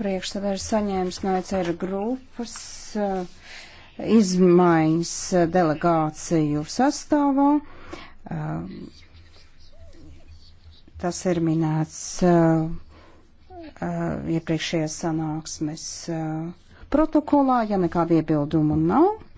priekšsēdājs saņēmis no ECR grupas uh, izmaiņas uh, delegāciju sastāvā. Uh, tas ir minēts iepriekšējās sanāksmes protokolā, ja nekāda iebildumu nav.